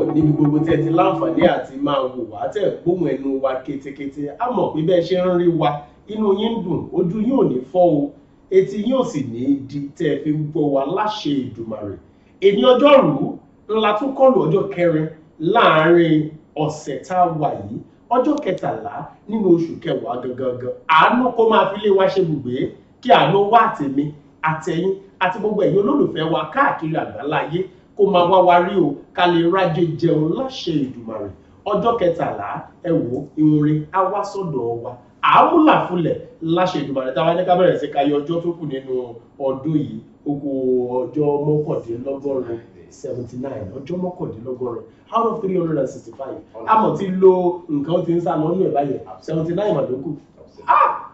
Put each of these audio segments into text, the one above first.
ayọ̀ níbi gbogbo tẹ́ ti láǹfààní àti máa wò wá tẹ̀ gbóhùn ẹnu wa ketekete a mọ̀ pé bẹ́ẹ̀ ṣe ń rí wa inú yín dùn ojú yín ò ní fọ́ o etí yín ò sì ní di tẹ́ ẹ fi gbọ́ wa láṣẹ Èdùmàrè èmi ọjọ́rú ńlá tún kọlù ọjọ́ kẹrin láàárín ọ̀sẹ̀ tá a wà yìí ọjọ́ kẹtàlá nínú oṣù kẹwàá gangan àánú kó máa fi lé wa ṣe bùgbé kí àánú wá àtèmi àtẹ̀yin àti gbogbo ẹ̀yin olólùfẹ́ wa káàkiri àgbáláyé kó máa wá wa rí o ká lè rájẹ jẹun láṣẹ kẹtàlá ẹ wò irun á wá sọ́dọ̀ wa láṣẹ tó kù nínú ọdún yìí ó ọjọ ọjọ́ seventy nine out of three hundred and sixty five nǹkan ti ń sá báyẹn seventy nine àdókù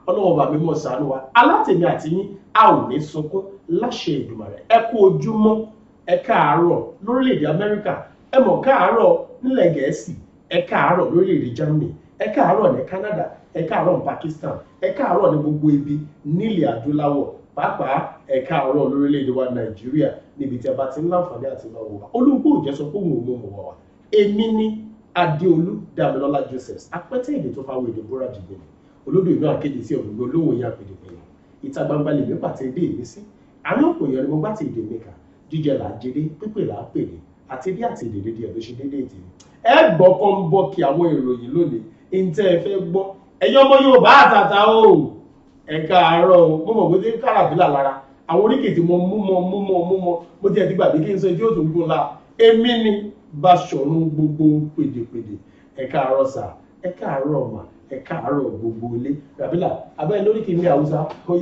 ọlọ́wọ́ bàbá mi mọ̀ sànú wa alátẹ̀mí a ẹ káàárọ̀ lórílẹ̀‐èdè amẹ́ríkà ẹ mọ̀ káàárọ̀ nílẹ̀ gẹ̀ẹ́sì ẹ káàárọ̀ lórílẹ̀‐èdè germany ẹ káàárọ̀ ní canada ẹ káàárọ̀ ní pakistan ẹ káàárọ̀ ní gbogbo ibi nílẹ̀ adúláwọ̀ pàápàá ẹ káàárọ̀ lórílẹ̀ wa nàìjíríà níbi tí a bá ti ń láǹfààní àti máa wò olùgbò òjẹ́ sọ pé òun ò mọ̀ mọ̀ wá èmi ni adéolú dàmílọ́lá josephs apẹ́tẹ́ èdè tó fáwọn èdè bóra jù gbẹ̀mí olódò inú àkéde sí ọ̀gbìn olówó ya pèdèpèdè ìta gbangba lèmi pàtẹ́ èdè mi sí àánú òpòyàn ni mo gbá ti èdè mi kà jíjẹ là á jẹlé pípè là á pèrè àti bí àti èdè dédé ẹ̀dọ́ ṣe dédé èdè ẹ gbọ́ kọ́ ń bọ́ kí àwọn ìròyìn lónìí ntẹ́ ẹ fẹ́ gbọ́ ẹ̀yin ọmọ Yorùbá àtàtà o ẹ káàárọ̀ o mo mọ̀ pé tí káràbílà lára àwọn oríkèé tí mo mú mọ mú mọ mú mo ti ẹ̀ ti gbàgbé kí n sọ tí yóò tó gún la èmi ni Basọ̀run gbogbo pèdèpèdè ẹ káàárọ̀ sà ẹ káàárọ̀ mà ẹ káàárọ̀ gbogbo ilé rabila abẹ́rẹ́ lórí kìíní haúsá ó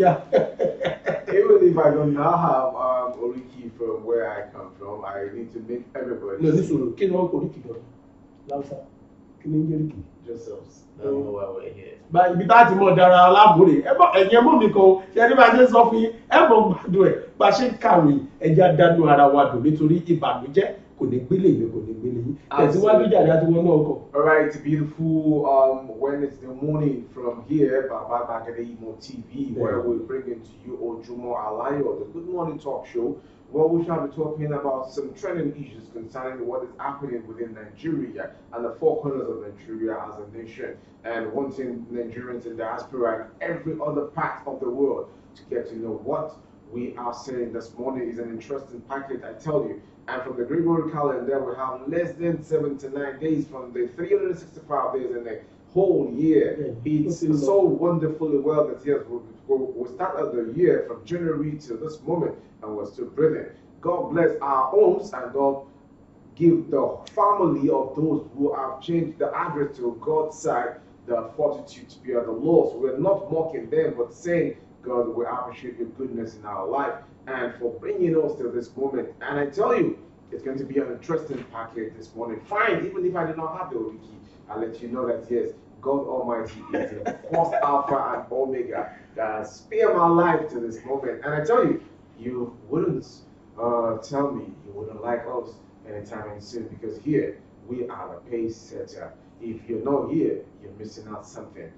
even if i don't now have um, oríkì from where i come from i need to make everybody. lọ sí sọ̀rọ̀ kí ni wọn kò oríkì dọrọ láwùsá kí ni ń jẹ oríkì. yourselves that's um, why we're here. gba ibi tá a ti mọ dara aláàbòrè ẹ̀yin ẹ̀mọ́ mi kan ṣe ẹni máa ṣe sọ fún yín ẹ̀mọ́ gbàdúrà bá a ṣe ń kàwé ẹ̀jẹ̀ adánú ara wa dùn nítorí ìbànújẹ́ kò ní gbélé mi kò ní gbélé wọnú ọkọ̀. alright beautiful um, when it's the morning from here Baba Gbagede Imo TV yeah. where we bring it to you Ojumo Alayo the Good Morning Talk Show where we shall be talking about some trending issues concerning what is happening within Nigeria and the four corners of Nigeria as a nation, and wanting Nigerians in diaspora and every other part of the world to get to know what we are saying this morning is an interesting packet, I tell you. And from the Gregorian calendar, we have less than 79 days from the 365 days in the whole year. Yeah, it's so wonderfully well that yes, we, we, start the year from January to this moment and we're still breathing. God bless our homes and God give the family of those who have changed the address to God's side the fortitude to be at the loss. We're not mocking them, but saying God, we appreciate your goodness in our life and for bringing us to this moment. And I tell you, it's going to be an interesting package this morning. Fine, even if I did not have the OD key, I'll let you know that yes, God Almighty is the first Alpha and Omega that has spared my life to this moment. And I tell you, you wouldn't uh, tell me you wouldn't like us anytime soon because here we are the pace setter. If you're not here, you're missing out something.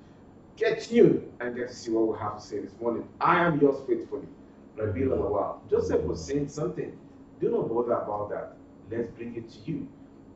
Get tuned and get to see what we have to say this morning. I am yours faithfully, Rabila Lawal. Joseph was saying something. Do not bother about that. Let's bring it to you.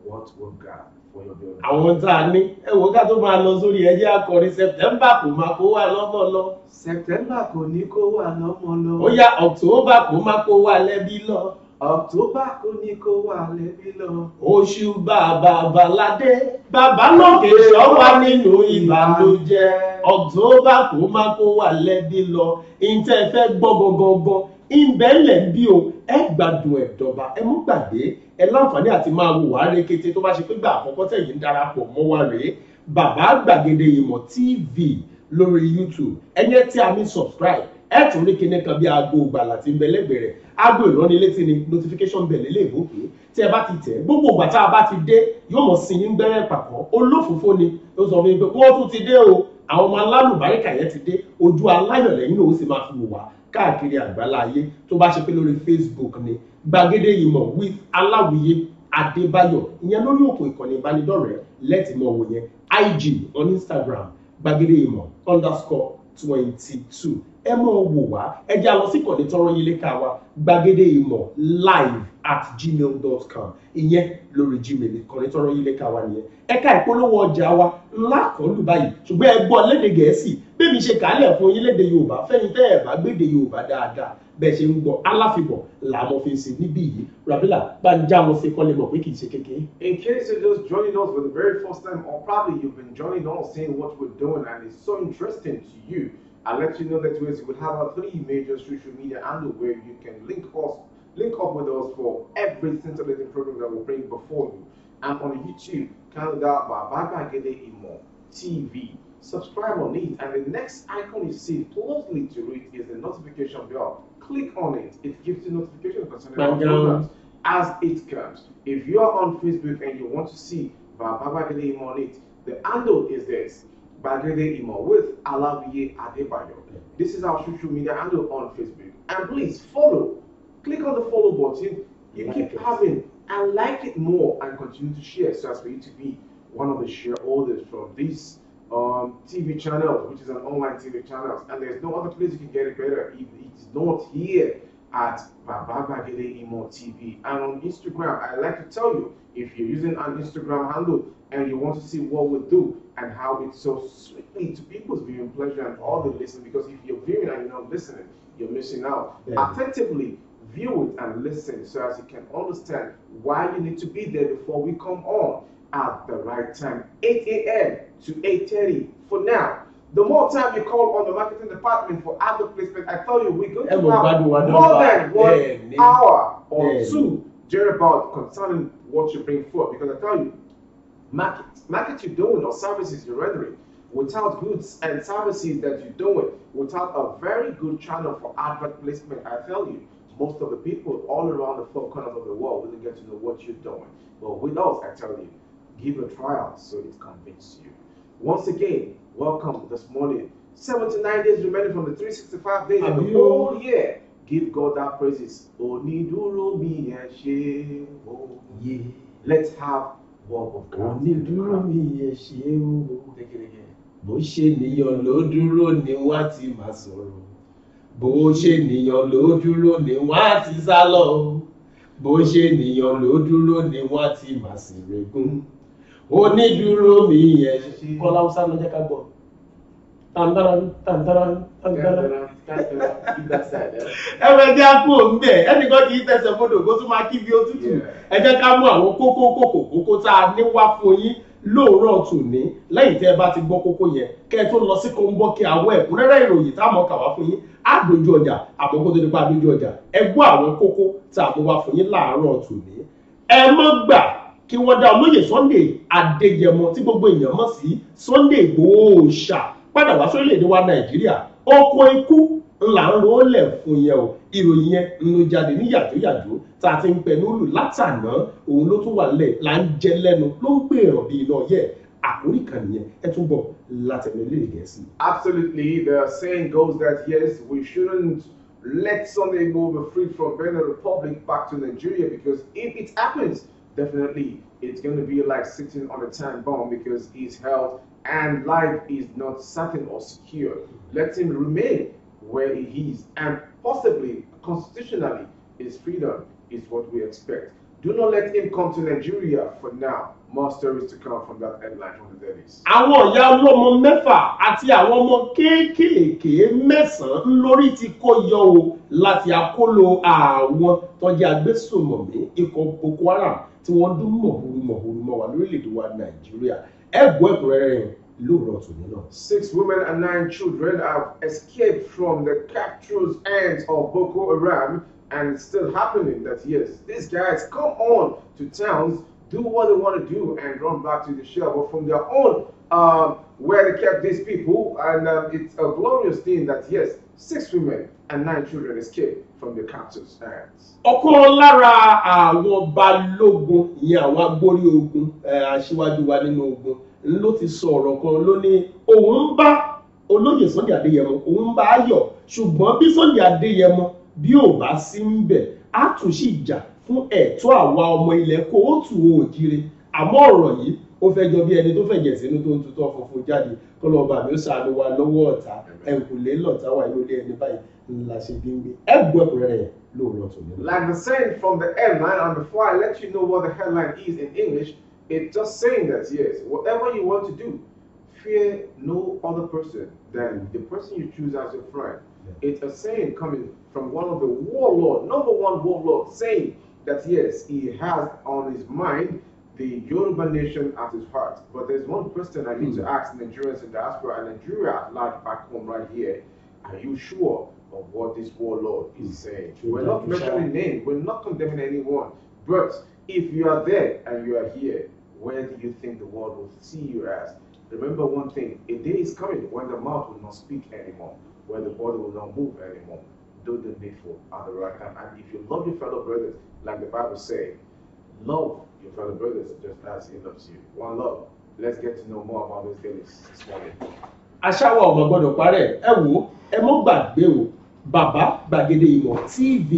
What will God for your building? Àwọn tá a ní ẹ̀wọ̀n ká tó máa lọ sórí ẹjẹ́ akọrin September kò máa kó wà lọ́mọ lọ. September kò ní kó wà lọ́mọ lọ. Ó yá October kò máa kó wà lẹ́bí lọ. October kò ní kó wà lẹ́bí lọ. Oṣù bàbá Bàládé. Bàbá lókè ṣọ́wá nínú ìbànújẹ́. October kò má kó wà lẹ́bí lọ. Ìtẹ́ fẹ́ gbọ́ gangan. Ìbẹ̀lẹ̀ bí o, ẹ gbádùn ẹ̀dọ̀bà, ẹ mú gbàgbé, ẹ láǹfààní àti máa wò wá rékété tó bá ṣe pé gbà àkọ́kọ́ tẹ̀yìn darapọ̀ mọ́ wa rèé. Bàbá Gbàgede Ìmọ̀ TV lórí YouTube, ẹ̀yẹ́ tí a ní subscribe ẹ tún ní kinní kan bí aago ìgbàlà tí ń bẹ lẹ́gbẹ̀ẹ́ rẹ̀ aago ìránnilétí ni notification bell lè gòkè tí ẹ bá ti tẹ̀ gbogbo ìgbà tá a bá ti dé yóò mọ̀ sí yín gbẹ́rẹ́ pàpọ̀ olófòfó ni ó sọ fún mi pé wọ́n tún ti dé o àwọn ọmọ alálùbáríkà yẹn ti dé ojú aláyọ̀lẹ́yìn lòún sì máa fi wò wá káàkiri àgbálá ayé tó bá ṣe pé lórí Facebook ni gbàgede ìmọ̀ with aláwìyé adébáyọ̀ ìyẹn lórí òpó ìkànnì ìbánidọ́rẹ̀ẹ́ lẹ́tì mọ́ wò yẹn IG on Instagram gbàgede ìmọ̀ underscore twenty two ẹ mọ̀ wò wá ẹ jẹ́ àlọ́ sí ìkànnì tọrọ yín léka wa gbàgede ìmọ̀ live at gmail dot com ìyẹn lórí gmail ìkànnì tọrọ yín léka wa nìyẹn ẹ̀ka ìpolówó ọjà wa ńlá kan lù báyìí ṣùgbọ́n ẹ gbọ́ léde gẹ̀ẹ́sì bẹ́ẹ̀ mi ṣe kàálẹ̀ fún yín léde yorùbá fẹ́yìn tẹ́ ẹ̀ bá gbéde yorùbá dáadáa bẹ́ẹ̀ ṣe ń gbọ́ aláfibọ̀ làwọn fi ṣe níbí yìí rabila gbanja wọn ṣe kọ́lé mọ̀ pé kì í ṣe kékeré. in case you're just joining us for the very first time or probably you've been joining us seeing what we're doing and it's so interesting to you I'll let you know that We'll have our three major social media and where you can link us, link up with us for every scintillating program that we bring before you. And on YouTube, Canada Baba Gede Imo TV. Subscribe on it, and the next icon you see closely to it is the notification bell. Click on it; it gives you notification concerning our programs as it comes. If you are on Facebook and you want to see Baba Gede Imo on it, the handle is this Bagede Imo with Adebayo. This is our social media handle on Facebook. And please follow. Click on the follow button. You like keep it. having and like it more and continue to share so as for you to be one of the shareholders from this um, TV channel, which is an online TV channel. And there's no other place you can get it better. if it's not here at Baba Bagede Imo TV. And on Instagram, I like to tell you if you're using an Instagram handle, and you want to see what we do and how it's so sweetly to people's viewing pleasure and all the listening. Because if you're viewing and you're not listening, you're missing out. Yeah. Attentively view it and listen so as you can understand why you need to be there before we come on at the right time 8 a.m. to 8.30 for now. The more time you call on the marketing department for adult placement, I tell you, we're going to have more than one yeah. hour or yeah. two about concerning what you bring forth. Because I tell you, market. Market you're doing or services you're rendering without goods and services that you're doing, without a very good channel for advert placement, I tell you, most of the people all around the four corners of the world wouldn't get to know what you're doing. But with us, I tell you, give a trial so it convinces you. Once again, welcome this morning. 79 days remaining from the 365 days of the whole year. Give God our praises. Oh, Let's have onídúró mi yẹ ṣe é o bó ṣe nìyàn ló dúró ni wá ti máa sọ̀rọ̀ bó ṣe nìyàn ló dúró ni wá ti sá lọ bó ṣe nìyàn ló dúró ni wá ti máa sì regún onídúró mi yẹ ṣe. kọ́lá haúsá ló jẹ́ ká gbọ́ tàǹdàrán tàǹdàrán tàǹdàrán ẹ fẹ́ jẹ́ àpò ńbẹ̀ ẹnìkan kì í tẹsẹ̀ fọdọ̀ kó tún máa kí bí òtútù ẹ jẹ́ ká mú àwọn kókó kókó kókó tá a ní wá fún yín lóòrọ̀ tòní lẹ́yìn tẹ́ ẹ bá ti gbọ́ kókó yẹn kẹ́ ẹ tó lọ sí kọ́ńbọ́ọ̀kì àwọ̀ ẹ̀kúnrẹ́rẹ́ ìròyìn táwọn kà wá fún yín á dojú ọjà àmọ́ kó tó nípa dojú ọjà ẹ gbọ́ àwọn kókó tá a mú wá fún yín láàárọ̀ tòní. ẹ mọ́ gbà kí wọ́n dá olóyè Sunday Adéyẹmọ tí gbogbo èèyàn mọ̀ sí Sunday Ìgbòho Òòṣà padà wá sórílẹ̀-èdè wa Nàìjíríà oko ikú ńlá ń rọ́ọ̀lẹ̀ fún yẹn o ìròyìn yẹn ń lo jáde ní yàjóyàjó tá a ti ń pẹnu lù látàná òun ló tún wà lẹ̀ là ń jẹ lẹ́nu ló ń pè ràn bí iná yẹ àkórí kan nìyẹn ẹ tún bọ̀ látẹnu ilé ìgẹ̀ẹ́sì. Absolutely, the saying goes that yes, we shouldn't let Sunday go be freed from Benin Republic back to Nigeria because if it happens, definitely it's going to be like sitting on a time bomb because his health and life is not certain or secure. Let him remain where he is, and possibly constitutionally, his freedom is what we expect. Do not let him come to Nigeria for now. More stories to come from that headline from the dailies. Àwọn ìyá ọlọ́mọ mẹ́fà àti àwọn ọmọ kéékèèké mẹ́sàn-án lórí ti kó yọ o láti àkólò àwọn tọ́jú agbésùnmọ̀mí ikọ̀ Boko Haram tí wọ́n dún mọ̀húrú mọ̀húrú lórílẹ̀‐èdè wa Nàìjíríà. Ẹ gbọ́ ẹ̀kúnrẹ́rẹ́ yẹn lóòrọ̀ tòní náà. Six women and nine children have escaped from the captures hands of Boko Haram and it's still happening that yes, these guys come on to towns, do what they want to do and run back to the shelter from their own um, where they kept these people and um, it's a glorious thing that yes, six women and nine children escaped from the captors' hands. ọ̀kan lára àwọn balógun ìyẹn àwọn agbórí ogun eh, aṣíwájú wa nínú ogun ló ti sọ ọ̀rọ̀ kan ló ní òun ń bá olóyè Sunday Adéyẹmọ òun ń bá a ṣùgbọ́n bí Sunday Adéyẹmọ bí ò bá sí ń bẹ̀ á tún sì jà fún ẹ̀tọ́ àwa ọmọ ilẹ̀ kóòtù òjire àmọ́ ọ̀rọ̀ yìí ó fẹ́ jọ bí ẹni tó fẹ̀jẹ̀ sínú tó ń tutọ́ funfun jáde kó lọ́ọ́ bàbá ó ṣàánú wa lọ́wọ́ ọ̀tá ẹ̀kúnlé lọ́tà wà ní ilé ẹni báyìí ńlá ṣe bí ń gbé ẹgbẹ́ ọkùnrin rẹ̀ lóòrọ̀ tó ní. Like the saying from the airman and before I let you know what the headline is in English It's just saying that, yes, whatever you want to do, fear no other person than the person you choose as your friend. Yeah. It's a saying coming from one of the warlord, number one warlord, saying that, yes, he has on his mind the Yoruba nation at his heart. But there's one question I need mm. to hmm. ask Nigerians in diaspora and Nigeria at large back home right here. Are you sure of what this warlord is hmm. saying? We're not mentioning names, we're not condemning anyone. But if you are there and you are here, where do you think the world will see you as? Remember one thing, a day is coming when the mouth will not speak anymore, where the body will not move anymore. Do the needful at the right time. And if you love your fellow brothers, like the Bible says, love your fellow brothers just as he loves you. One love. Let's get to know more about those things this morning. Aṣáwọ̀ ọ̀gbọ̀n gbọ́dọ̀ parẹ́ ẹ wo ẹ mọ́ gbàgbé o bàbá gbàgede ìmọ̀ TV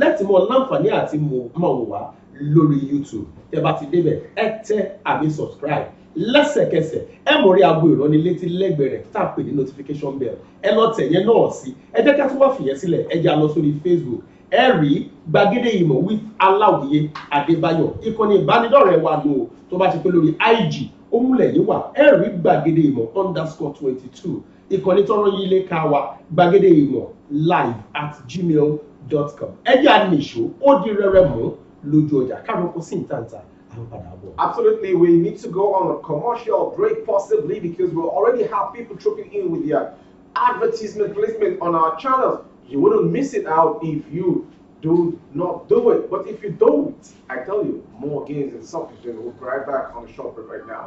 láti mọ láǹfààní àti mọ̀ wá lórí youtube tẹ bá ti débẹ̀ ẹ tẹ àmì subscribe lẹ́sẹ̀kẹsẹ̀ ẹ mọ̀ rí aago ìránnilétí lẹ́gbẹ̀ẹ́ rẹ̀ tá a pè ní notification bell ẹ lọ tẹ̀ yẹn náà sí ẹ jẹ́ ká tún wá fìyẹn sílẹ̀ ẹ jẹ́ a sórí facebook ẹ rí gbàgede ìmọ̀ with aláwìyé adébáyọ̀ ìkànnì ìbánidọ́rẹ̀ẹ́ wa nù tó bá ti pé lórí ig ó múlẹ̀ yìí wà ẹ rí gbàgede ìmọ̀ underscore twenty two ìkànnì tọrọ yìí lè ka wa gbàgede ìmọ̀ live at gmail dot com ẹ jẹ́ àníṣó ó di rẹ̀rẹ̀ mú lójú ọjà káàró sí ìtàǹtà à ń Absolutely, we need to go on a commercial break possibly because we already have people tripping in with their uh, advertisement placement on our channels. You wouldn't miss it out if you do not do it. But if you don't, I tell you, more games and something. We'll be right back on the shop right now.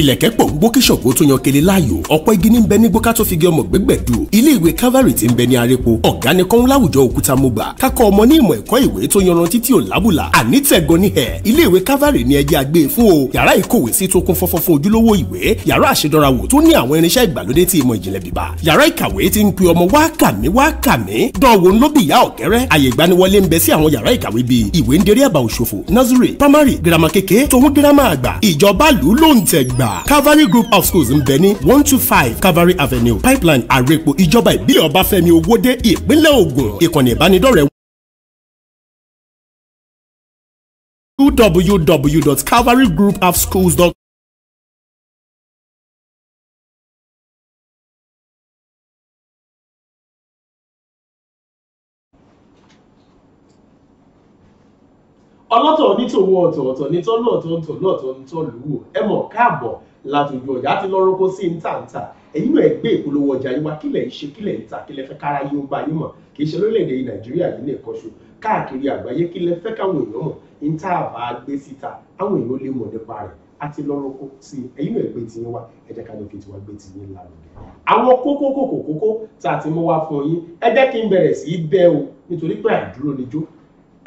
ilẹ̀kẹ́ pọ̀ gbó kí ṣògo tó yan kele láàyò ọ̀pọ̀ igi ní bẹ ní gbóká tó fi gé ọmọ gbégbẹ̀ dù ilé ìwé calvary ti ń bẹ ní arepo ọ̀gá ni kọ́ń láwùjọ òkúta mogba kákọ́ ọmọ ní ìmọ̀ ẹ̀kọ́ ìwé tó yanran títí ò lábùlà àní tẹ̀gọ́ ní ẹ̀ ilé ìwé calvary ni ẹjẹ́ agbé e fún o yàrá ìkówèésí tó kún fọ́fọ́ fún ojúlówó ìwé yàrá àṣedọ́rawò tó ní àwọn irinṣẹ́ ìgbàlódé ti ìmọ̀ ìjìnlẹ̀ bìbà yàrá ìkàwé ti ń pe ọmọ wá kàmí wá kàmí dánwò ńlóbìyà ọ̀kẹ́rẹ́ àyè ìgbaniwọlé ń bẹ sí àwọn yàrá ìkàwé bíi ìwé ń derí àbà òṣòfò nursery primary girama kékeré tòun girama àgbà ìjọba lù ú lóǹtẹ̀ gbà gbà. Calvary Group of Schools ń bẹ ní one two five Calvary Avenue Pipeline Àrèpò ìjọba ìbílẹ̀ Ọbáfẹ́mi Owódé ìpínlẹ̀ Ògùn ìkànnì ìbánidọ́rẹ̀ẹ́ www.calvarygroupofschools.com ọlọ́tọ̀ ní tòun ọ̀tọ̀ ọ̀tọ̀ ní tọ́lú ọ̀tọ̀ ọ̀tọ̀ lọ́tọ̀ ní tọ́lú wò ẹ mọ̀ káàbọ̀ látòjú ọjà ti lọ́rọ́ kó sí ntàntà ẹ̀yin náà ẹ gbé ìpolówó ọjà yín wá kílẹ̀ ń ṣe kílẹ̀ ń tà kílẹ̀ fẹ́ kára yín ó gbá yín mọ̀ kì í ṣe lórílẹ̀‐èdè nàìjíríà yìí nìkan ṣo káàkiri àgbáyé kílẹ̀ fẹ́ káwọn èèyàn mọ̀ ń tà bá a gbé síta àwọn èèyàn ó lè mọ̀ nípa rẹ̀ á ti lọ́rọ́ kó sí ẹ̀yin náà ẹ gbé tiyín wá ẹ jẹ́ ká lè fi tiwa gbé tiyín lárugẹ. àwọn kókó kókó kókó tá a ti mú wá fún yín ẹ jẹ́ kí n bẹ̀rẹ̀ sí í bẹ́ o nítorí pé àìdúró ni jó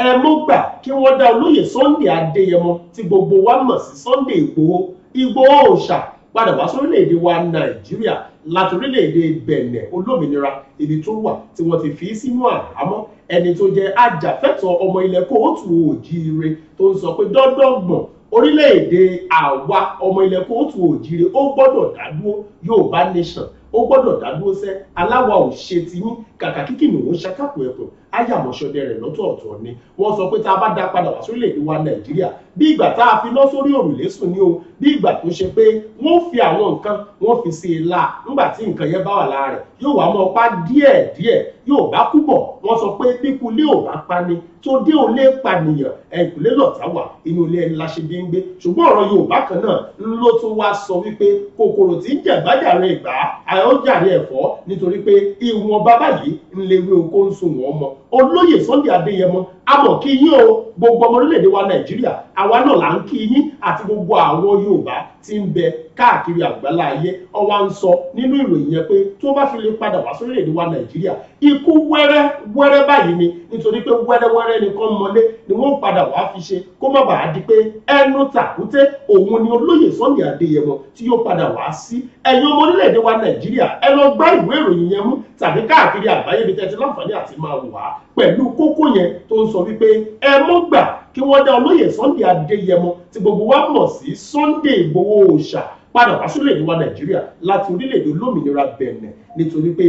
ẹ mú gbà kí wọ́n dá olóyè Sunday Adéyẹmọ tí gbogbo wa mọ̀ sí Sunday Ìgbòho Ìgbòho òòṣà padà wá sórílẹ̀-èdè wa Nàìjíríà láti orílẹ̀-èdè Bẹ̀nẹ̀ olómìnira ibi tó wà tí wọ́n ti fi sínú àhámọ́ ẹni tó jẹ́ ajàfẹ́tọ̀ọ́ ọmọ ilẹ̀ kóòtù òjíire tó ń sọ pé dọ́dọ́gbọ̀n orílẹ̀-èdè àwa ọmọ ilẹ̀ kóòtù òjíire ó gbọ́dọ̀ dádúró Yorùbá nation ó gbọ́dọ̀ dádúró sẹ́ aláwa ò ṣe ti yín kàkà kíkì nìwọ̀n ṣàkàpọ̀ ẹ̀pọ̀ àyàmọ̀ṣọdẹ rẹ̀ lọ́tọ̀ọ̀tọ̀ ni wọ́n sọ pé tá a bá dá padà wá sórílẹ̀-èdè wa nàìjíríà bí ìgbà tá a fi lọ sórí òrùlé sùn ni o bí ìgbà tó ṣe pé wọ́n fi àwọn nǹkan wọ́n fi sí i la nígbà tí nǹkan yẹn bá wà lára rẹ̀ yóò wá mọ́ pa díẹ̀ díẹ̀ yóò bá kú bọ̀ wọ́n sọ pé bíkú lé ò bá pani tó dé ò lè pànìyàn ẹ̀kúlé lọ̀tá wà inú ilé ẹni láṣẹ bí ń gbé ṣùgbọ́n ọ̀rọ̀ yorùbá kan náà ló tún wá sọ wípé kòkòrò tí ń jẹ̀gbájàre ìgbà àyọ̀jàre ẹ̀fọ́ nítorí pé ìwọ̀n bàbá yìí ń lewé oko ń sùn mọ́ olóyè Sunday Adéyẹmọ àmọ́ kí yín o gbogbo ọmọ orílẹ̀-èdè wa Nàìjíríà àwa náà là ń kí yín àti gbogbo àwọn Yorùbá tí ń bẹ káàkiri àgbálá ayé ọwá ń sọ nínú ìròyìn yẹn pé tó bá fi lè padà wá sórílẹ̀ wa Nàìjíríà ikú wẹ́rẹ́ wẹ́rẹ́ báyìí ni nítorí pé wẹ́rẹ́wẹ́rẹ́ nìkan mọlé ni wọ́n padà wàá fi ṣe kó má bàa di pé ẹnu tàkúté òun ni olóyè Sunday Adéyẹmọ tí yóò padà wàá sí ẹ̀yin ọmọ orílẹ̀-èdè wa Nàìjíríà ẹ lọ gbá ìwé ìròyìn yẹn mú tàbí káàkiri àgbáyé bíi tẹ́tí láǹfààní àti máa wà pẹ̀lú kókó yẹn tó ń sọ wípé ẹ mọ́ gbà kí wọ́n dá olóyè Sunday Adéyẹmọ tí gbogbo wa mọ̀ sí Sunday Ìgbòho Òòṣà padà wá sílẹ̀ ní wa Nàìjíríà láti orílẹ̀-èdè olómìnira Bẹ̀nẹ̀ nítorí pé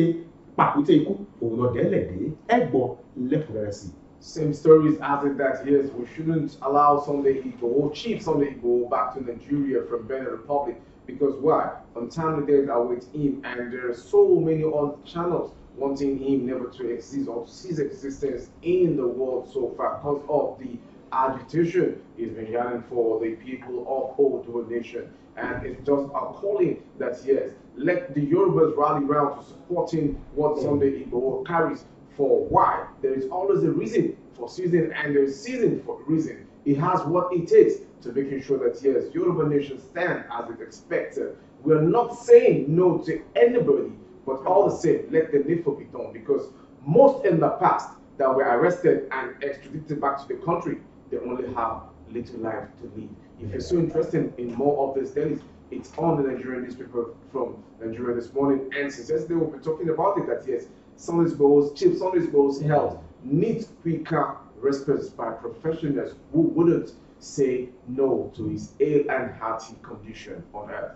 pàkúté ikú òun lọ dẹ́lẹ̀ dé ẹ̀gbọ́n lẹ́kùnrẹ́rẹ́ sí i. Same stories as it that yes, we shouldn't allow Sunday Igbo, cheap Sunday Igbo back to Nigeria from Benin Republic because why? Untimely deaths are with him and there are so many other channels wanting him never to exist or cease existence in the world so far because of the agitation is being yelling for the people of Odo Nation. And it's just a calling that yes, let the Yorubas rally round to supporting what Sunday Igbo carries. For why? There is always a reason for season, and there is season for reason. It has what it takes to making sure that yes, Yoruba Nation stand as it expected. We are not saying no to anybody, but all the same, let the needful be done because most in the past that were arrested and extradited back to the country they only have little life to live. If you're so interested in more of this, then it's, it's on the Nigerian newspaper from Nigeria this morning. And since yesterday, we'll be talking about it that yes, Sundays goals, cheap Sundays goals, health needs quicker response by professionals who wouldn't say no to his ill and hearty condition on earth.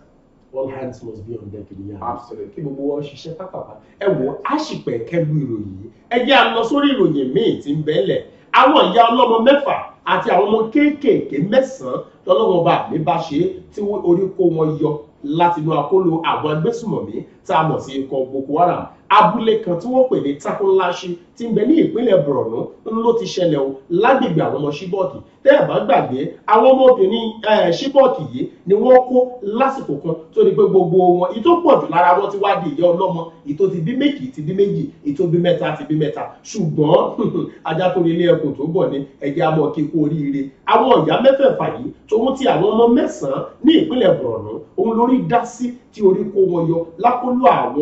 all hands must be on deck in nìyà. absolutely. kí gbogbo wọn ṣiṣẹ́ pápápá ẹ wò àṣìpẹ̀ kẹlu ìròyìn ẹ jẹ́ a sórí ìròyìn míì tí ń bẹ́ẹ̀lẹ̀ àwọn ìyá ọlọ́mọ mẹ́fà àti àwọn ọmọ kéékèèké mẹ́sàn-án lọ́lọ́wọ́n bá mi bá ṣe tí orí kó wọn yọ látinú àkóló àwọn agbésùmọ̀mí tá a mọ̀ sí ikọ̀ Boko Haram abúlé kan tí wọ́n pè ní Takunlashi tí ń bẹ ní ìpínlẹ̀ Borno ń ló ti ṣẹlẹ̀ o lágbègbè àwọn ọmọ ṣíbọ̀tì tẹ́ ẹ̀ bá gbàgbé àwọn ọmọbìnrin ṣíbọ̀tì yìí ni wọ́n kó lásìkò kan tó di pé gbogbo wọn ìtó pọ̀ jù lára wọn ti wá di ìyá ọlọ́mọ ìtó ti bí méjì ti bí méjì ìtó bí mẹ́ta ti bí mẹ́ta ṣùgbọ́n ajá tó ní ilé ẹkùn tó bọ̀ ni ẹ̀jẹ̀ amọ̀ kí kú oríire àwọn ìyá mẹ́fẹ̀ẹ̀fà yìí tòun ti àwọn ọmọ mẹ́sàn-án ní ìpínlẹ̀ Borno òun lórí dá sí tí orí kó wọn yọ lákòlò àwọn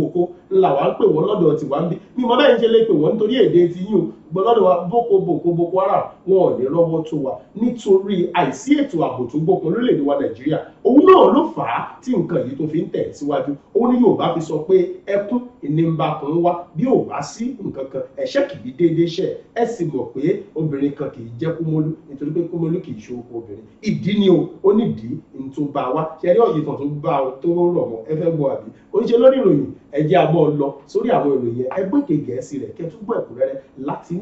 Boko Haram làwa ń pè wọ́n lọ́dọ̀ tiwa ń bí mi mọ́ bẹ́ẹ̀ ń ṣe lè pè wọ́n nítorí èdè ti yín o gbọ́dọ̀ wa boko boko boko haram wọn ò ní lọ́wọ́ tó wa nítorí àìsí ètò ààbò tó gbókun lórílẹ̀‐èdè wa nàìjíríà òun náà ló fà á tí nǹkan yìí tó fi ń tẹ̀ síwájú ó ní yorùbá fi sọ pé ẹkún ìnìmbàkùn wa bí ò bá sí nǹkan kan ẹ̀ṣẹ̀ kì í déédéé ṣẹ̀ ẹ sì mọ̀ pé obìnrin kan kì í jẹ́ kúmọ́lú nítorí pé kúmọ́lú kì í ṣe oko obìnrin ìdí ni o ó ní ìdí tó bá wa ṣe rí ọ̀yẹ̀ kan tó bá o tó rọ̀ mọ́ ẹ fẹ́ gbọ́ àbí oníṣẹ́ lórí ìròyìn ẹ jẹ́ a lọ sórí àwọn ìròyìn ẹgbẹ́ kejì ẹ̀ sí rẹ̀ kẹ́tùgbọ́ ẹ̀kúnrẹ́rẹ́ láti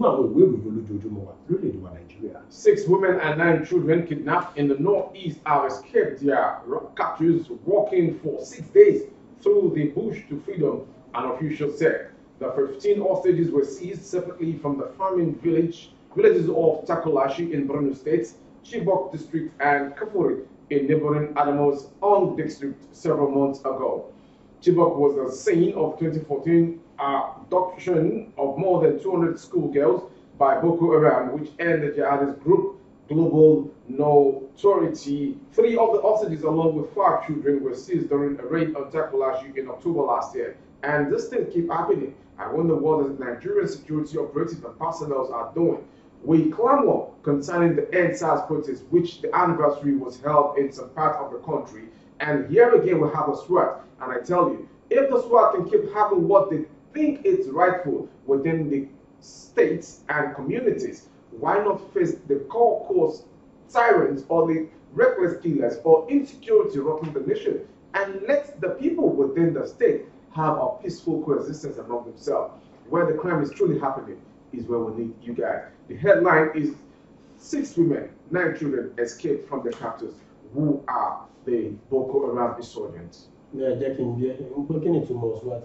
six women and nine children kidnapped in the northeast are escaped their captors walking for six days through the bush to freedom an official said. The 15 hostages were seized separately from the farming village villages of Takolashi in Borno State, Chibok district and Kafuri in neighboring Adamos on district several months ago. Chibok was the scene of 2014 abduction of more than 200 schoolgirls by Boko Haram, which earned the jihadist group global notoriety. Three of the hostages, along with five children, were seized during a raid on Takalashi in October last year. And this thing keep happening. I wonder what the Nigerian security operatives and personnel are doing. We clamor concerning the end size protest, which the anniversary was held in some part of the country. And here again, we have a threat and I tell you, if the SWAT can keep having what they think is rightful within the states and communities, why not face the core cause tyrants or the reckless killers or insecurity rocking the nation and let the people within the state have a peaceful coexistence among themselves. Where the crime is truly happening is where we need you guys. The headline is six women, nine children escaped from the captors who are the Boko Haram insurgents. ní ẹ jẹ́ kí n bí ẹ ń pé kí ni ìtumọ̀ swat.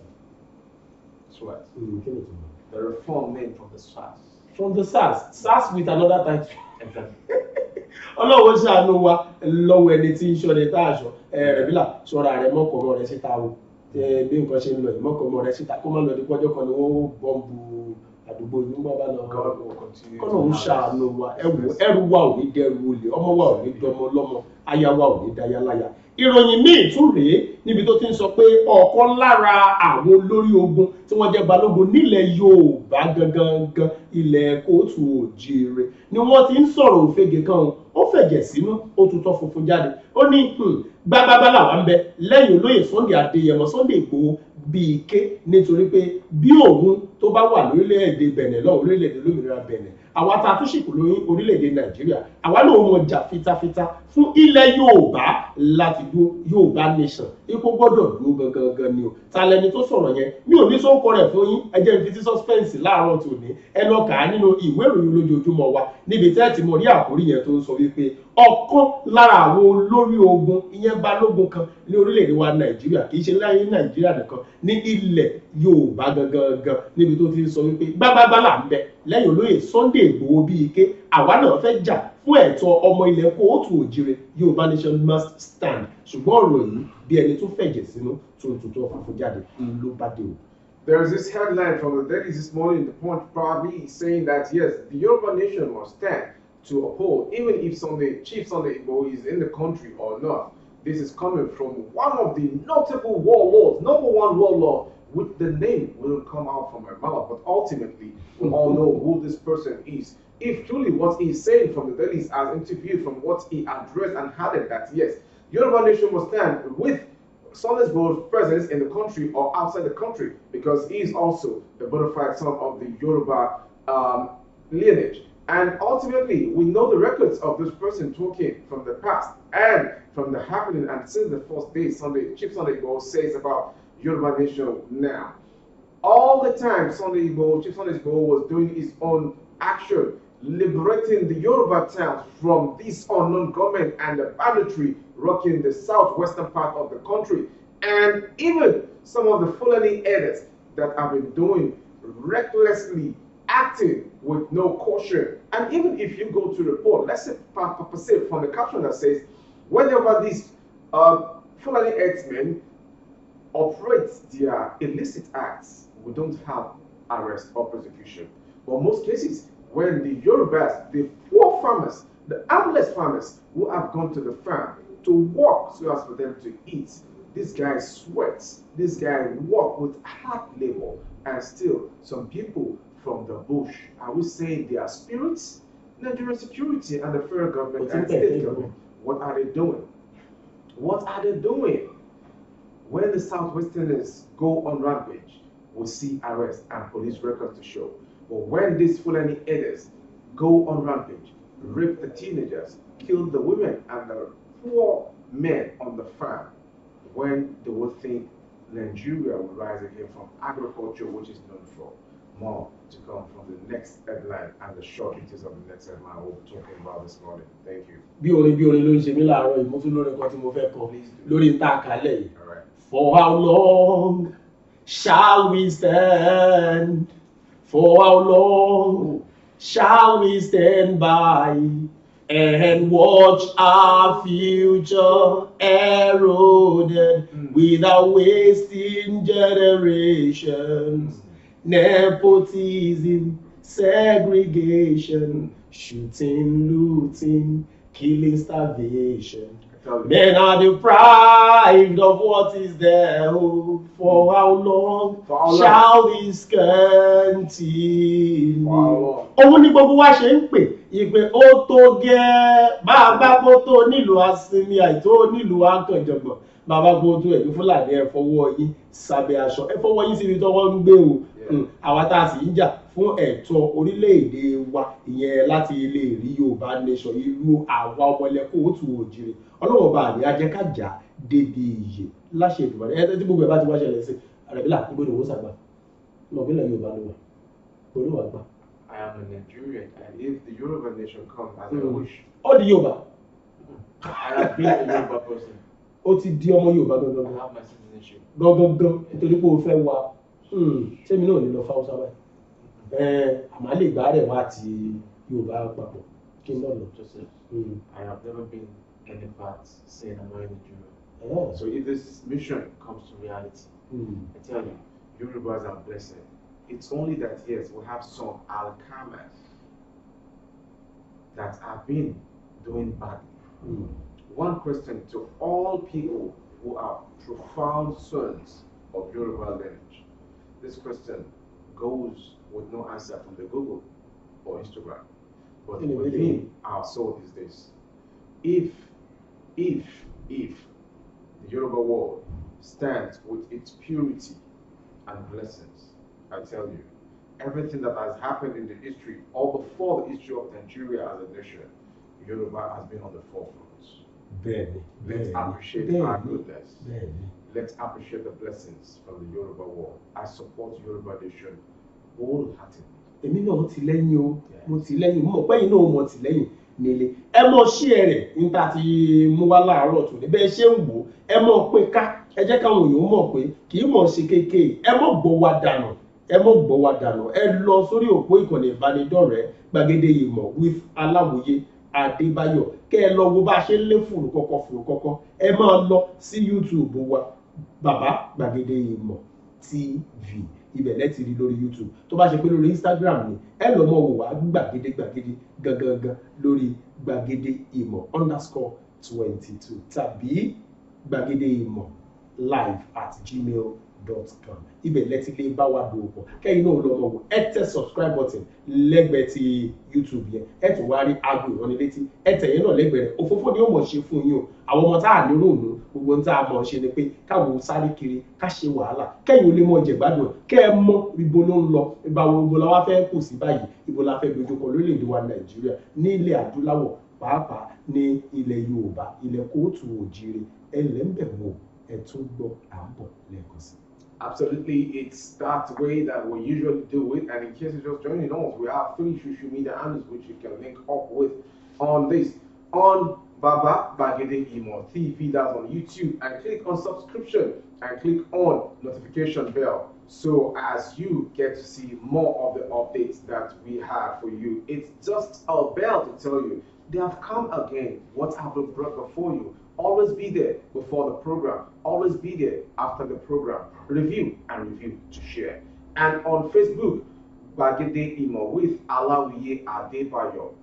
swat mm, kí ni ìtumọ̀. the reform made from the SARS. from the SARS SARS with another title. ọlọ́wọ́ ṣàánú wa lọ́wọ́ ẹni tí ń ṣọdẹ tá a ṣọ ẹ̀rẹ̀bílà mm. ṣọ́ra rẹ̀ mọ́kànmọ́ rẹ̀ síta o bí nǹkan ṣe ń lọ yìí mọ́kànmọ́ rẹ̀ síta kó má lọ di pọ́jọ́ kan ni wọ́n bọ́ǹbù àdúgbò yìí nígbà bá lọ kọ́nà ń ṣàánú wa ẹrù wa ò ní dẹrù olè ọmọ wa ò ní dọmọ lọ́mọ aya wa ò ní dayáláyà ìròyìn míì tún rèé níbi tó ti ń sọ pé ọ̀kan lára àwọn olórí ogun tí wọ́n jẹ́ balógun nílẹ̀ Yorùbá gangan ilẹ̀ kóòtù òjìire ni wọ́n ti ń sọ̀rọ̀ òfegè kan o ó fẹ̀jẹ̀ sínú ó tutọ́ funfun jáde ó ní hmm, gbágbábálà wà ń bẹ lẹ́yìn olóyè Sunday Adéyẹmọ Sunday Ìgbòho bíi ké nítorí pé bí òun tó bá wà lórílẹ̀‐èdè Bẹ̀nẹ̀ lọ́wọ́ lórílẹ̀‐èdè olómìnira Bẹ̀nẹ̀ àwa tá a tún ṣìkò lórí orílẹ̀-èdè nàìjíríà àwa náà wọn jà fitafita fún ilẹ̀ yorùbá láti dúró yorùbá nation ipò gbọ́dọ̀ dúró gangan ni o ta lẹni tó sọ̀rọ̀ yẹn mi ò ní sọ́kọ rẹ̀ fún yín ẹ jẹ́ n fi sí suspense láàárọ̀ tòní ẹ lọ kà á nínú ìwé ìròyìn lójoojúmọ́ wa níbi tẹ́ẹ̀tì mọ̀ rí àkórí yẹn tó ń sọ wípé ọ̀kan lára àwọn olórí ogun ìyẹn balógun kan ní orílẹ̀-èdè wa nàìjíríà kì í ṣe láyé nàìjíríà nìkan ní ilẹ̀ yorùbá gangan níbi tó ti sọ wípé gbágbágbá là ń bẹ lẹ́yìn olóyè sunday igbòho bí ike àwa náà fẹ́ jà fún ẹ̀tọ́ ọmọ ilẹ̀ kóòtù òjire yorùbá nation must stand ṣùgbọ́n ọ̀rọ̀ yìí bí ẹni tó fẹ̀jẹ̀ sínú tuntun tó fàfún jáde ló bá dé o. There is this headline from the daily this morning, The Punch, probably saying that yes, the Yoruba nation must stand to uphold, even if Sunday Chief Sunday Igbo is in the country or not. This is coming from one of the notable warlords, number one warlord, with the name will come out from her mouth, but ultimately we all know who this person is. If truly what he is saying from the dailies as interviewed from what he addressed and had it that yes, Yoruba nation must stand with Salisbury's presence in the country or outside the country because he is also the bona fide son of the Yoruba um, lineage. And ultimately, we know the records of this person talking from the past and from the happening and since the first day, Sunday, Chief Sunday Igbo says about Yoruba Nation now. All the time, Sunday Igbo, Chief Sunday Igbo was doing his own action, liberating the Yoruba towns from this unknown government and the banditry rocking the southwestern part of the country. And even some of the Fulani edits that have been doing recklessly acting with no caution. And even if you go to report, let's say, from the caption that says, whenever these uh, Fulani herdsmen operate their illicit acts, we don't have arrest or prosecution. But most cases, when the Yorubas, the poor farmers, the armless farmers who have gone to the farm to work so as for them to eat, this guy sweats, this guy work with hard labor, and still some people from the bush. Are we saying they are spirits? Nigerian security and the federal government and state government. What are they doing? What are they doing? When the Southwesterners go on rampage, we'll see arrests and police records to show. But when these Fulani elders go on rampage, rape the teenagers, kill the women and the poor men on the farm, when they will think Nigeria will rise again from agriculture, which is known for. more to come from the next headline and the short details of the next headline we'll be talking about this morning. Thank you. Bí orin bí orin ló ń ṣe mí láàárọ̀ yìí, mo tún lórin kan tí mo fẹ́ kọ lórí ń tà kálẹ̀ yìí. For how long shall we stand? For how long shall we stand by and watch our future eroded mm. without wasting generations? Mm nepotism, segregation, shooting, looting, killing, starvation. Men are deprived of what is their hope. For how long for how long. shall this continue? Òun ni gbogbo wa ṣe ń pè ìpè ó tó gẹ́ bá a bá kó tó nílùú asinmi àìtó nílùú akànjọ̀gbọ̀n bàbá kó tó ẹ̀mí Fúlàní ẹ fọwọ́ yín sábẹ́ aṣọ ẹ fọwọ́ yín síbi tọ́wọ́ ń gbé o. Mm. àwa tá a sì ń jà fún ẹ̀tọ́ orílẹ̀-èdè wa ìyẹn láti ilé ìrí Yorùbá nation ìlú àwa ọmọlẹ́kọ̀ òtù òjìrì ọlọ́wọ́ bá àmì ajẹ́kájà débi ìyè láṣẹ ìdùnnú ẹ̀ ẹ́ gbogbo ẹ̀ bá ti wá ṣẹlẹ̀ sí àrẹ̀bílà ìgbóni òwò sàgbà lọ́bílẹ̀ Yorùbá ló wà pẹ̀lú àgbà. I am a Nigerian and if the Yoruba nation come as mm. I wish. Ó di Yorùbá. I have been a Yoruba person. Ó ti di ọmọ Yorùbá gangan. I have my citizenship. Gangan gan nítorí pé o fẹ́ wa Hmm, náà ní lọ fáwọ́sá báyìí rẹ̀ wá ti Yorùbá papọ̀ kí n lọ. Joseph, I have never been any part say na my Nigeria. Oh. So if this mission comes to reality, mm. I tell you, Yorubas are blessed. It's only that yes, we have some alchemists that have been doing bad. Mm. One question to all people who are profound sons of Yoruba land this question goes with no answer from the Google or Instagram. But In within our soul is this. If, if, if the Yoruba world stands with its purity and blessings, I tell you, everything that has happened in the history or before the history of Nigeria as a nation, Yoruba has been on the forefront. Very, very. Let's appreciate very, our goodness. Very. Let's appreciate the blessings from the Yoruba world. I support Yoruba Nation wholeheartedly. Èmi náà ti lẹ́yìn o, mo ti lẹ́yìn, mo mọ̀ pé ẹ̀yin náà mo ti lẹ́yìn nílé. Ẹ mọ ṣí ẹ rẹ̀ níta ti mú wá láàárọ̀ tó ní bẹ́ẹ̀ ṣé ń wò ó, ẹ mọ̀ pé ká, ẹ jẹ́ káwọn èèyàn mọ̀ pé kì í mọ̀ ṣe kéékèé, ẹ mọ̀ gbọ́ wa dànù, ẹ mọ̀ gbọ́ wa dànù, ẹ lọ sórí òpó ìkànnì ìbánidọ́rẹ̀ẹ́ gbàgede ìmọ̀ with aláwòye Adébáyọ̀ kẹ́ ẹ lọ wo bá a ṣe ń lé fùrùkọ́kọ́ fùrùkọ́kọ́ ẹ máa Baba gbàgede ìmọ̀ tv ibẹ̀ lẹ́ti rí lórí youtube tó bá ṣe pé lórí instagram ni ẹ lọ mọ wò wá gbàgede gbàgede gangan lórí gbàgede ìmọ̀ underscore twenty two tàbí gbàgede ìmọ̀ live at gmail dot com ibẹ̀ lẹ́tí lè bá wa dòwò pọ̀ kẹ́yìn náà lọ mọ̀ wò ẹ tẹ subscribe button lẹ́gbẹ̀ẹ́ ti YouTube yẹn ẹ tún wá rí aago ìránnilétí ẹ tẹ̀ yẹn náà lẹ́gbẹ̀ẹ́ rẹ̀ òfófó ni ó mọ̀ ṣe fún yín o àwọn ọmọ tá a lérò òun gbogbo ohun tá a mọ̀ ṣe ni pé káwo sáré kiri ká ṣe wàhálà kẹ́yìn ó lè mọ̀ jẹ̀gbádùn kẹ́ ẹ mọ̀ ibo ló ń lọ ìbáwo ibo la wá fẹ́ kù sí báyìí ibo la fẹ́ dojúkọ lórílẹ̀‐èdè wa Nàìjíríà ní ilẹ̀ adúláwọ̀ pàápàá ní ilẹ̀ Yorùbá ilẹ̀ kóòtù òjìire ẹlẹ́mbẹ̀mọ̀ ẹ̀ tún gbọ́ à ń bọ̀ lẹ́ẹ̀kan sí i. Absolutely, it's that way that we usually do it. And in case you're just joining us, we have three social media handles which you can link up with on this. On Baba Bagede Imo TV, that's on YouTube, and click on subscription and click on notification bell so as you get to see more of the updates that we have for you. It's just a bell to tell you they have come again. What have we brought before you? Always be there before the program. Always be there after the program. Review and review to share. And on Facebook, Bagede Imo with Alawiye Adebayo.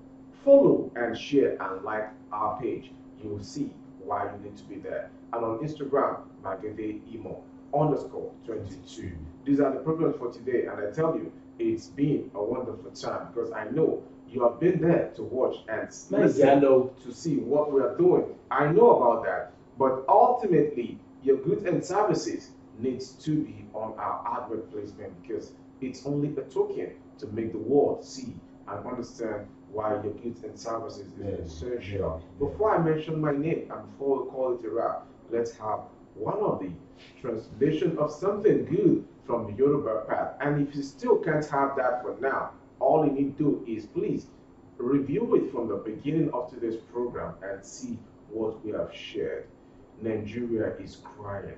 Follow and share and like our page. You will see why you need to be there. And on Instagram, Bagede Imo underscore 22. These are the programs for today. And I tell you, it's been a wonderful time because I know you have been there to watch and listen to see what we are doing. I know about that. But ultimately, your goods and services needs to be on our advert placement because it's only a token to make the world see and understand why your goods and services is yeah. essential. Yeah. Before I mention my name and before we call it a wrap, let's have one of the translation of something good from the Yoruba path. And if you still can't have that for now, all you need to do is please review it from the beginning of today's program and see what we have shared. Nigeria is crying.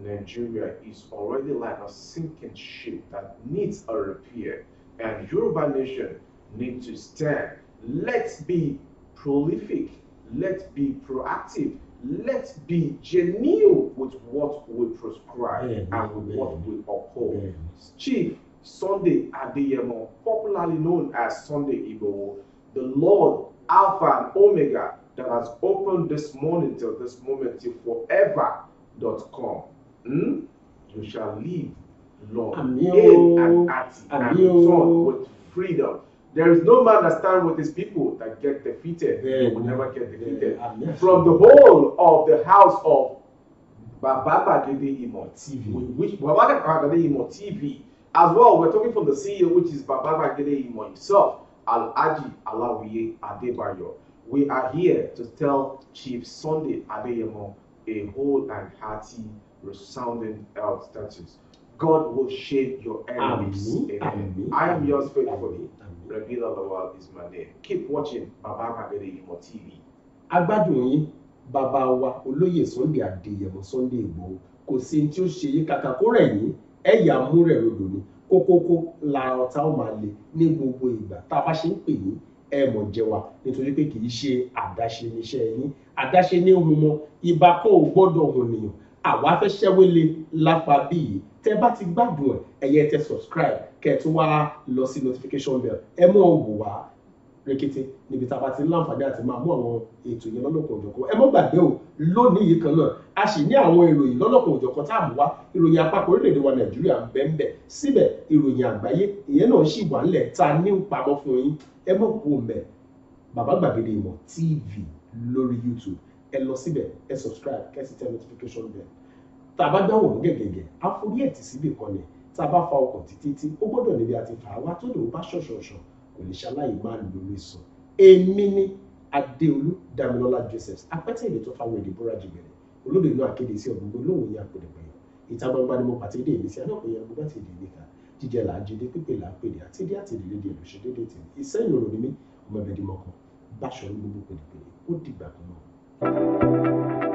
Nigeria is already like a sinking ship that needs a repair. And Yoruba nation needs to stand. Let's be prolific. Let's be proactive. Let's be genuine with what we prescribe yeah, and with yeah, what we uphold. Yeah. Chief, Sunday Adeyemo, popularly known as Sunday Igboho, the Lord Alpha and Omega that has opened this morning till this moment till forever.com. Hmm? You shall live Lord, in and at and return with freedom. There is no man that stands with his people that get defeated. They will never get defeated. From the whole of the house of Baba Gbagede Imo TV, with which Baba Gbagede Imo TV As well, we're talking from the CEO, which is Baba Bagede Imo himself, Alhaji Alawiye Adebayo. We are here to tell Chief Sunday Adeyemo a whole and hearty, resounding health status. God will shade your enemies. Amen. Amen. I am yours faithfully. Rabila Lawal is my name. Keep watching Baba Bagede Imo TV. Agbádùn yín, bàbá wa, olóyè Sunday Adeyemo Sunday Igboho, kò sí ní tí ó ṣe yí kàkà kó rẹ̀ yín ẹ̀yà múrẹ̀ rodò ni kókókó la ọ̀tá ó máa le ní gbogbo ìgbà tá a bá ṣe ń pè yín ẹ mọ̀ jẹ wa nítorí pé kì í ṣe àdáṣe níṣẹ́ yín àdáṣe ní ohun mọ ìbá kan ò gbọ́dọ̀ hùn nìyàn àwa fẹ́ ṣẹ́wélé lápá bí yìí tẹ bá ti gbádùn ẹ̀ ẹ̀yẹ tẹ subscribe kẹ̀ tó wá lọ sí notification bell ẹ mọ̀ wò wá rẹ̀kẹ̀tẹ̀ níbi tá a bá ti ń láǹfààní àti máa mú àwọn ètò yẹn lọ́lọ́kùn òjọ̀kan ẹ mọ́ gbàgbé o lónìí yìí kan náà a sì ní àwọn ìròyìn lọ́lọ́kùn òjọ̀kan tá a mú wá ìròyìn àpapọ̀ orílẹ̀-èdè wa nàìjíríà ń bẹ ń bẹ síbẹ̀ ìròyìn àgbáyé ìyẹn náà sì wà ńlẹ̀ tá a ní ń pamọ́ fún yín ẹ mọ̀ kú mẹ́ bàbá gbàgede ìmọ̀ tv lórí youtube ẹ lọ síbẹ̀ ẹ subscribe kẹ́ sì notification bell tá a bá dáwọ̀ mú gẹ̀gẹ̀gẹ̀ á forí ẹ̀ tì ni tá a bá fa ọkọ̀ títí tí kò lè ṣaláì máa lò mí sùn èmi ni adéolú damilọlá joseph apẹtẹ èdè tó fáwọn èdè búra jù bẹ̀rẹ̀ olódò inú akéde sí ọgbọgbọ lóhùn yẹn àpèdèpẹyọ ìta gbangba ni mo pàtẹ dé èmi sí anáàpẹ yẹn gbogbo àti èdè nìka jíjẹ là á pípé là àti dé àti ìdílé di ẹlòṣẹ dédé tèmi ìsẹyìn òrò ni mí ọmọ ẹbẹdì mọkàn báṣọ ní gbogbo pèdèpèdè ó dìgbà kan náà.